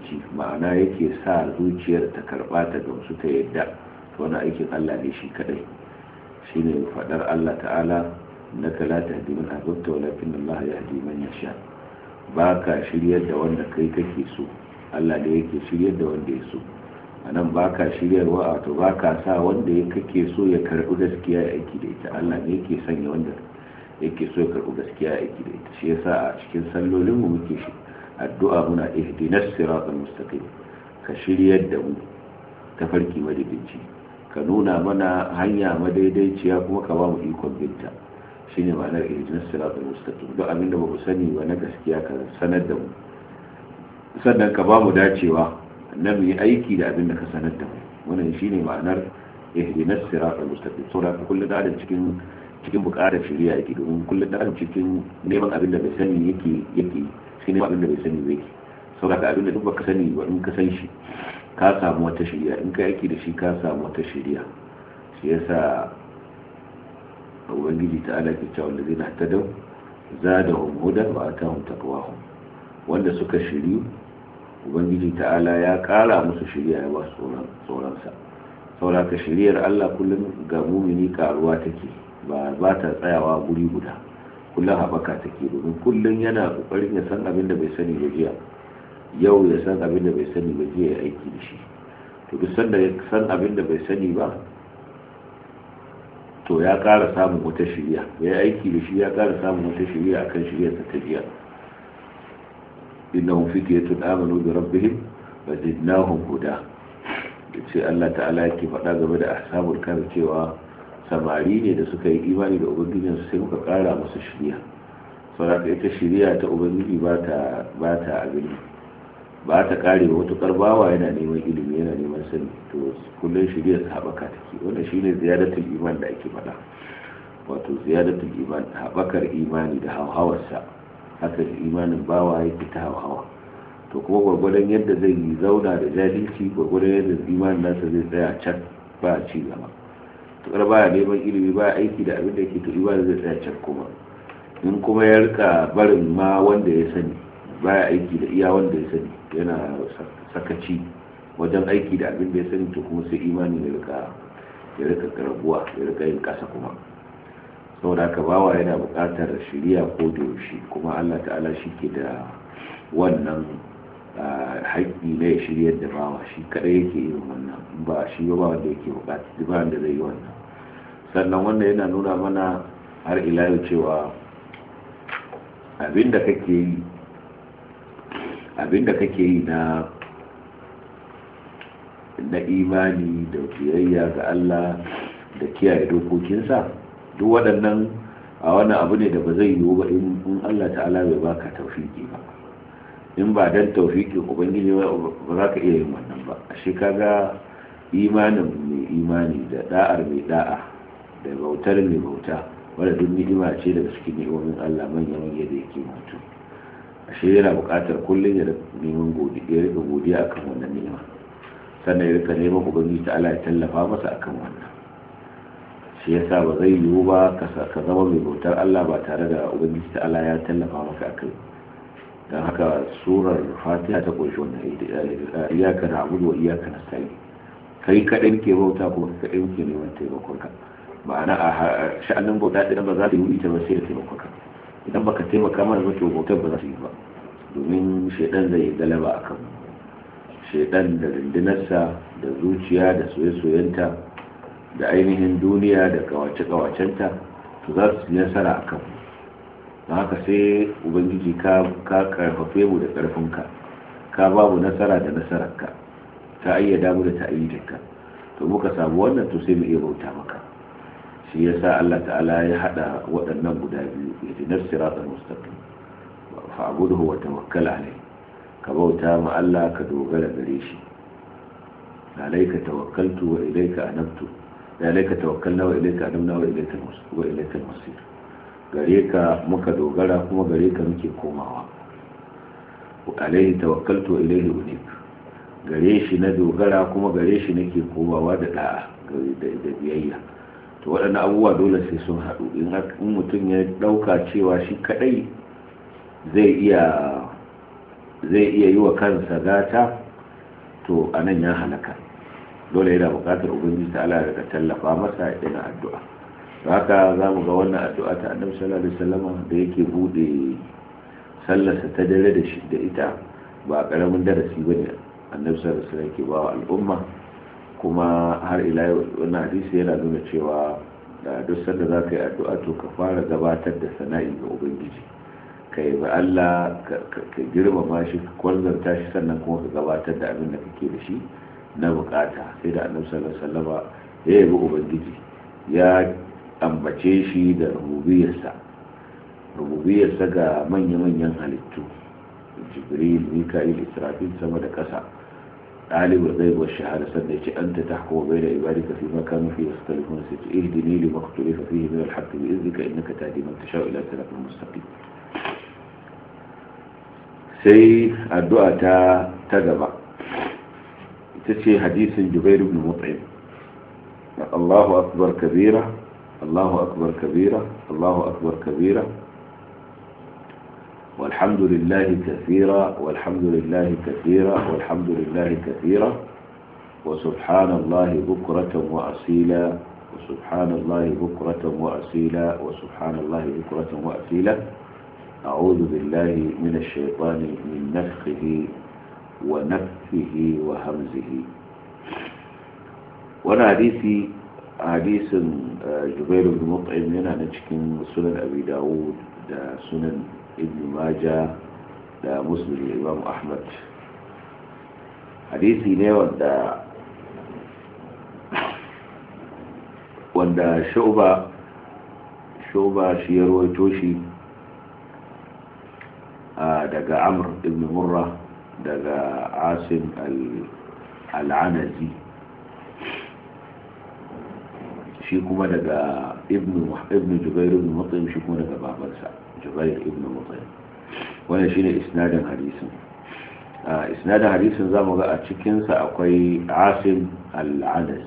zuci ma'ana yake sa zuciyar ta karba ta gamsu ta yadda wani aikin Allah ne shi kadai shine fadar Allah ta'ala na la tahdi man ahbabta walakin Allah yahdi man yasha ka shiryar da wanda kai kake so Allah ne yake shiryar da wanda ya so anan shiryar wa to ka sa wanda ya kake so ya karbi gaskiya ya aiki da ita Allah ne yake sanya wanda yake so ya karbi gaskiya ya aiki da ita shi yasa a cikin sallolin mu muke shi addu'a muna ihdinas siratal mustaqim ka shiryar da mu ta farki madaidaici ka nuna mana hanya madaidaiciya kuma ka ba mu ikon binta shine ma'anar ihdinas siratal mustaqim duk abinda ba mu sani ba na gaskiya ka sanar da mu sannan ka ba mu dacewa na mu yi aiki da abinda ka sanar da mu wannan shine ma'anar ihdinas siratal mustaqim saboda kullum da cikin cikin bukatar shirya yake domin kullum da an cikin neman abin da bai sani yake yake shi neman abin da bai sani yake saboda abin da duk baka sani ba in ka san shi ka samu wata shirya, in ka yake da shi ka samu wata shirya. shi yasa ubangiji ta ala ke cewa wanda zina ta dau za da hudan wa atahum taqwahum wanda suka shiryu ubangiji ala ya kara musu shirya ya ba tsoronsa saboda ka shiriyar allah kullum ga mumini karuwa take ba ta tsayawa guri guda kullum haɓaka take domin kullum yana ƙoƙarin ya san abin da bai sani ba jiya yau ya san abin da bai sani ba jiya ya aiki da shi to duk sanda ya san abin da bai sani ba to ya ƙara samun wata shirya ya aiki da shi ya ƙara samun wata shirya akan shiryarsa ta jiya innahum fityatun amanu bi rabbihim fazidnahum huda ce Allah ta'ala yake faɗa game da ashabul kahfi cewa samari ne da suka yi imani da ubangijin sai muka kara musu shirya saboda ita shirya ta ubangiji ba ta a gani abin ba ta kare ba wata karbawa yana neman ilimi yana neman sani to kullum shirya ta haɓaka ta wanda shi shine ziyadatul iman da ake faɗa wato ziyadatul iman haɓakar imani da hauhawarsa haka imanin bawa yake ta hauhawa to kuma gwagwadon yadda zai yi zauna da jahilci gwagwadon yadda imanin nasa zai tsaya can ba ci gaba tukar baya neman ilimi baya aiki da abin da yake to ba zai tsaya can kuma in kuma ya rika barin ma wanda ya sani baya aiki da iya wanda ya sani yana sakaci wajen aiki da abin da ya sani to kuma sai imani ya rika ya rika karabuwa ya rika yin kasa kuma saboda haka bawa yana buƙatar shirya ko da kuma Allah ta'ala shi ke da wannan haƙƙi ne ya da bawa shi kaɗai yake irin wannan ba shi ba wanda yake buƙatar duk wanda zai yi wannan sannan wanda yana nuna mana har ila yau cewa abinda kake yi abinda kake yi na na imani da biyayya ga Allah da kiyaye dokokinsa duk waɗannan a wani abu ne da ba zai yiwu ba in Allah ta'ala bai baka tawfiki ba in ba dan taufiki ubangiji ba za ka iya yin wannan ba a shi kaga imanin mai imani da da'ar mai da'a da bautar mai bauta wadda duk ni'ima ce daga cikin ni'imomin Allah manya manya da yake mutu shi yana buƙatar kullum ya neman godiya ya rika godiya akan wannan ni'ima sannan ya rika neman ubangiji ta Allah ya tallafa masa akan wannan shi yasa ba zai yiwu ba ka zama mai bautar Allah ba tare da ubangiji ta Allah ya tallafa maka kai don haka surar fatiha ta ƙunshi wannan iyaka na abudu wa iyaka na sa'i kai kadan ke bauta kuma kaɗan ke neman taimakonka ma'ana a sha'anin bauta ɗin ba za ta yi ita ba sai da taimakonka idan baka taimaka mana ba to bautar ba za su yi ba domin shaidan zai yi galaba a kan shaidan da rundunarsa da zuciya da soye-soyenta da ainihin duniya da kawace-kawacenta to za su yi nasara a kanmu don haka sai ubangiji ka karfafe mu da karfinka ka babu nasara da nasararka ta ayyada mu da ta ta'ayyadinka to muka samu wannan to sai mu iya bauta maka shi sa Allah ta'ala ya hada waɗannan guda biyu ihdinas siratal mustaqim fa'budhu wa tawakkal alayhi ka bauta ma Allah ka dogara gare shi alayka tawakkaltu wa ilayka anabtu alayka tawakkalna wa ilayka anabna wa ilayka al gare ka muka dogara kuma gare ka muke komawa alaihi tawakkaltu ilaihi unik gare shi na dogara kuma gare shi nake komawa da da'a da biyayya to waɗannan abubuwa dole sai sun haɗu in mutum ya ɗauka cewa shi kaɗai zai iya zai iya yi wa kansa gata to a nan ya halaka dole yana buƙatar ubangiji ta ala daga tallafa masa yana addu'a haka za mu ga wannan addu'a ta annabi sallallahu alaihi wasallam da yake bude sallarsa ta dare da shi da ita ba karamin darasi bane annabi sallallahu alaihi wasallam yake ba wa al'umma kuma har ila wannan hadisi yana nuna cewa da duk sanda za ka yi addu'a to ka fara gabatar da sana'i ga ubangiji ka yi Allah ka girmama shi ka kwanzanta shi sannan kuma ka gabatar da abin da kake da shi na bukata sai da annabi sallallahu alaihi wasallam ya yabi ubangiji ya ambace shi da rububiyarsa rububiyarsa ga manya-manyan halittu jibril mika'il israfil sama da ƙasa ɗalibu zai ba shahada sanda ce an ta tahko bai da ibadi ka fi makanu fi wasu talifin su ce ihdini li maktuli fa fihi min alhaqqi bi idzika ta dima ta sha'u ila siratin mustaqim sai addu'a ta ta gaba ita ce hadisin jubair ibn mut'im Allahu akbar kabira الله أكبر كبيرة الله أكبر كبيرة والحمد لله كثيرا والحمد لله كثيرا والحمد لله كثيرا وسبحان الله بكرة وأصيلا وسبحان الله بكرة وأصيلا وسبحان الله بكرة وأصيلا أعوذ بالله من الشيطان من نفخه ونفه وهمزه وانا hadisin eh, jubairu bin mut'im yana da cikin sunan abi da sunan ibn maja da muslim imam ahmad hadisi ne wanda wanda shuba shuba shi ya rawaito shi eh, daga amr ibn murra daga asin al shi kuma daga ibn jubairu da matsayin shi kuma daga babansa jubair ibn mutsayin shi shine isnadin hadisin isnadin hadisin za mu ga a cikinsa akwai asim al'anazi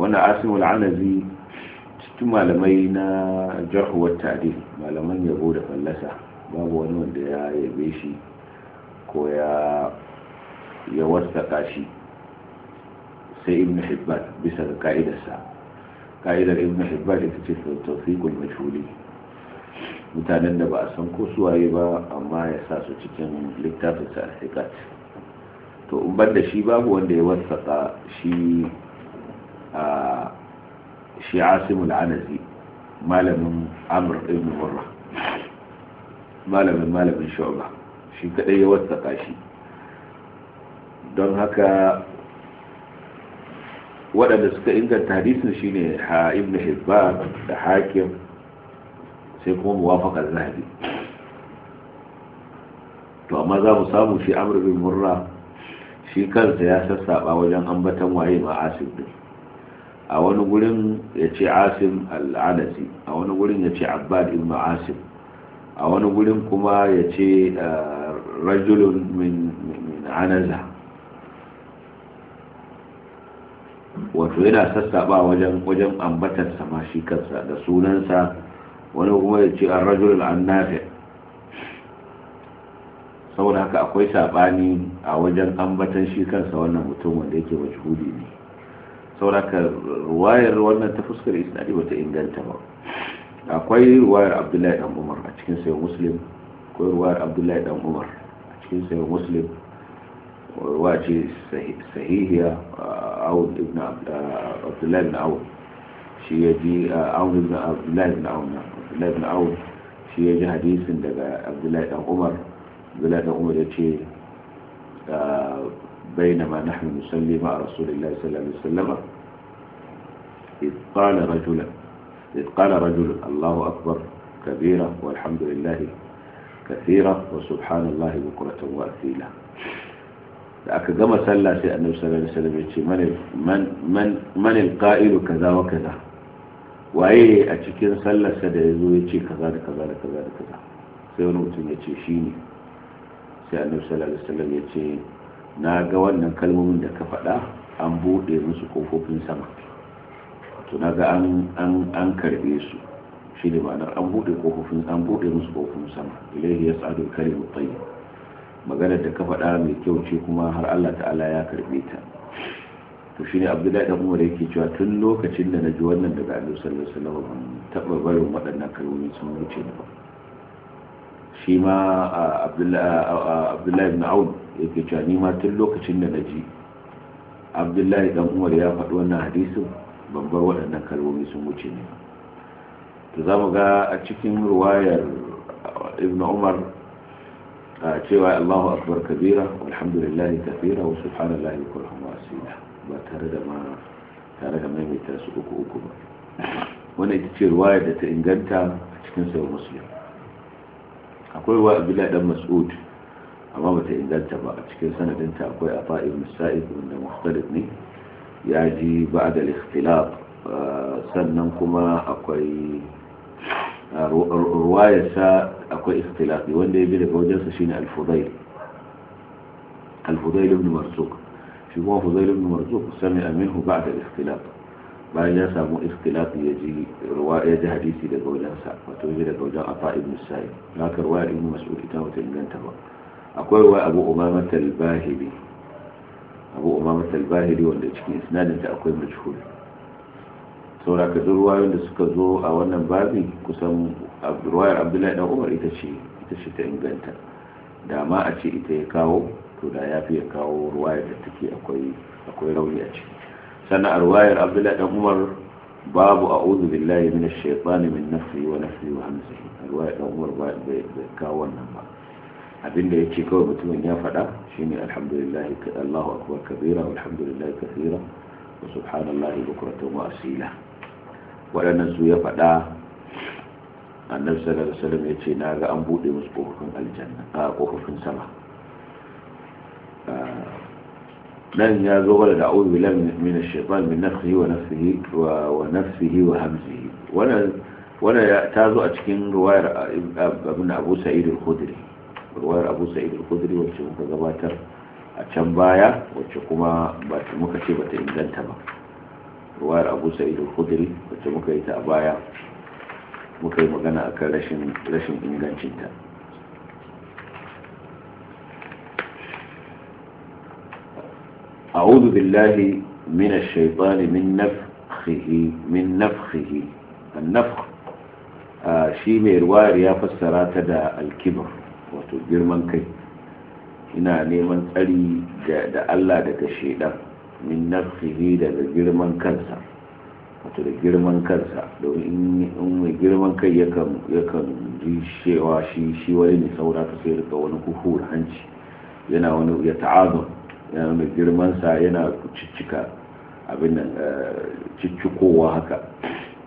Wani asim al'anazi cikin malamai na jarhuwar tare malaman yabo da fallasa babu wani wanda ya yabe shi ko ya ya wasaka shi sai ibn hibban bisa ga ka'idarsa ka'idar ibn hibban ita ce tawfiqul majhuli mutanen da ba a san ko suwaye ba amma ya sa su cikin littafin sa al to in ban da shi babu wanda ya wasaka shi a shi asimul anazi malamin amr ibn murra malamin malamin shu'ba shi kaɗai ya wasaka shi don haka waɗanda suka inganta hadisin shine ha ibn hibban da hakim sai kuma muwafaqar zahabi to amma za mu samu shi amr bin murra shi kansa ya sassaɓa wajen ambatan waye ma asim din a wani gurin ya ce asim anasi a wani gurin ya ce abbad ibn asim a wani gurin kuma ya ce eh, rajulun min anaza wato yana sassaba wajen wajen ambatar sa ma shi kansa da sunansa wani kuma ya ce an rajul annafi saboda haka akwai sabani a wajen ambatan shi kansa wannan mutum wanda yake hudu ne saboda haka ruwayar wannan ta fuskar isnadi bata inganta ba akwai ruwayar abdullahi dan umar a cikin sayan muslim akwai ruwayar abdullahi dan umar a cikin sayan muslim ruwa ce sahihiya عون آه، آه، ابن عبد الله بن عون نعم. شيجي عون ابن عبد الله بن عون عبد الله بن عون شيجي حديث عند عبد الله بن عمر عبد الله بن عمر يجي آه، بينما نحن نصلي مع رسول الله صلى الله عليه وسلم إذ قال رجلا إذ قال رجل الله أكبر كبيرا والحمد لله كثيرا وسبحان الله بكرة وأثيلا da aka gama sallah sai annabi sallallahu alaihi wasallam ya ce man man man alqa'ilu kaza wa kaza waye a cikin sallarsa da yazo ya ce kaza da kaza da kaza da kaza sai wani mutum ya ce shine sai annabi sallallahu alaihi wasallam ya ce na ga wannan kalmomin da ka faɗa an buɗe musu kofofin sama to na ga an an an karbe su shi ne ma'anar an buɗe kofofin an buɗe musu kofofin sama ilaihi yas'adu kalimu tayyib maganar da ka faɗa mai kyau ce kuma har Allah ta'ala ya karbe ta to shine abdullahi dan umar yake cewa tun lokacin da naji wannan daga annabi sallallahu alaihi wasallam taba barin waɗannan kalmomi sun wuce ba shi ma abdullahi ibn aun yake cewa ni ma tun lokacin da naji abdullahi dan umar ya faɗi wannan hadisin ban bar waɗannan kalmomi sun wuce ba, to za mu ga a cikin ruwayar ibn umar cewa Allahu akbar kabira alhamdulillah kafira wa subhanallahi kullu wasila ba tare da ma tare da ta su uku uku ba wannan ita ce ruwaya da ta inganta a cikin sayar muslim akwai wa abdullahi dan mas'ud amma ba ta inganta ba a cikin sanadinta akwai a fa'il musa'id wanda mukhtalif ne ya ji ba'da al-ikhtilaf sannan kuma akwai sa akwai ikhtilafi wanda ya bi daga wajensa shine al-fudail al-fudail ibn marzuq shi kuma fudail ibn marzuq sami aminhu ba'da ikhtilaf bayan ya samu ikhtilaf ya ji ruwaya ji hadisi daga wajensa wato ya daga wajen afa ibn sa'id haka ruwaya ibn mas'ud ita wata inganta ba akwai ruwaya abu umama al-bahili abu umama al-bahili wanda cikin isnadinta akwai majhul saura ka ruwayoyin da suka zo a wannan babin kusan ruwayar abdullahi dan umar ita ce ita ce ta inganta da ma a ce ita ya kawo to da ya fi ya kawo ruwayar da take akwai akwai rauni a ciki sannan a ruwayar abdullahi dan umar babu a'udhu billahi minash shaitani min nafsi wa nafsi wa hamsi ruwayar dan umar bai kawo wannan ba abinda ya yake kawai mutumin ya faɗa shine alhamdulillah Allahu akbar kabira walhamdulillah kathira wa subhanallahi bukratan wa asila waɗannan su ya faɗa a nan alaihi wasallam ya ce na ga an buɗe musu ƙofofin aljanna a ƙofofin sama nan ya zo bala da a'udhu bilan mina shekwan mai min nafsihi wa nafsihi wa nafsihi wa hamzihi wannan ta zo a cikin ruwayar abin Abu Sa'id al-Khudri ruwayar Abu Sa'id al-Khudri wacce muka gabatar a can baya wacce kuma muka ce bata inganta ba ruwayar abu sa'id al-khudri wacce muka yi ta a baya muka yi magana akan rashin rashin ingancinta أعوذ بالله من الشيطان من نفخه من نفخه النفخ شيء mai ruwayar ya fassara ta da alkibar wato girman kai ina neman الله da Allah min nafsihi daga girman kansa wato da girman kansa domin in mai girman kai yakan ji shewa shi shi wani ne saura ta sai rika wani da hanci yana wani ya ta'azum yana mai girman sa yana ciccika abin nan eh, ciccikowa haka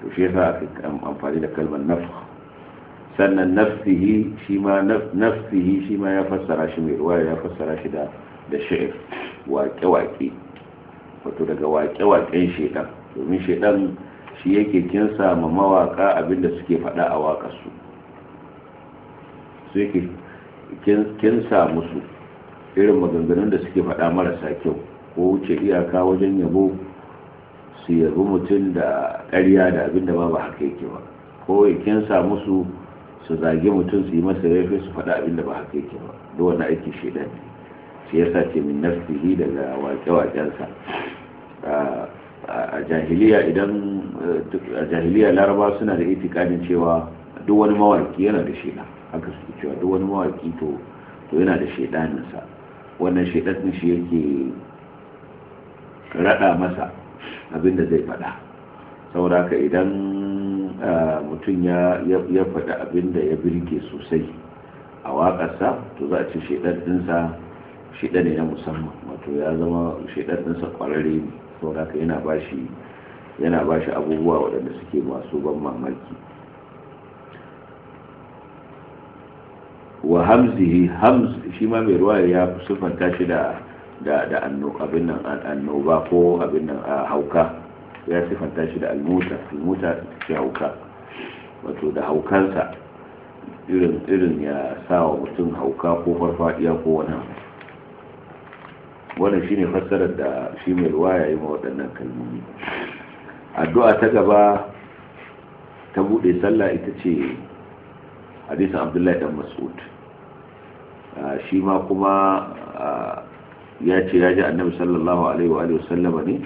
to shi yasa aka amfani da kalmar nafsa sannan nafsihi shi ma nafsihi shi ma ya fassara shi mai ruwa ya fassara shi da da shi'ir waƙe-waƙe wato daga waƙe-waƙen shaidan domin shaidan shi yake kinsa ma mawaƙa abinda suke faɗa a waƙarsu su yake kinsa musu irin maganganun da suke faɗa marasa kyau ko wuce iyaka wajen yabo su yabi mutum da ƙarya da abinda ba ba haka yake ba ko ya kinsa musu su zage mutum su yi masa rafi su faɗa abinda ba haka yake ba duk wani aiki shaidan ne shi ya sace min nafsihi daga wake-wakensa a jahiliya idan a jahiliya laraba suna da itikadin cewa duk wani mawaki yana da shaidan haka suke cewa duk wani mawaki to to yana da shaidaninsa wannan shaidanin shi yake rada masa abin da zai faɗa saboda idan mutum ya fada abin da ya birge sosai a wakarsa to za a ci shaidan ɗinsa shaidan ne na musamman wato ya zama shaidan ɗinsa ƙwararre ne saboda haka yana ba shi yana ba shi abubuwa waɗanda suke masu ban mamaki wa hamzihi hamz shi ma mai ruwa ya siffanta shi da da da abin nan annoba ko abin nan hauka ya siffanta shi da almuta almuta ce hauka wato da haukansa irin irin ya sa wa mutum hauka ko farfadiya ko wani wannan shine fassarar da shi mai ruwa ya yi ma waɗannan kalmomi addu'a ta gaba ta buɗe sallah ita ce hadisin abdullahi dan mas'ud shi ma kuma ya ce ya ji annabi sallallahu alaihi wa sallama ne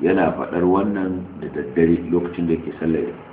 yana faɗar wannan da daddare lokacin da yake sallar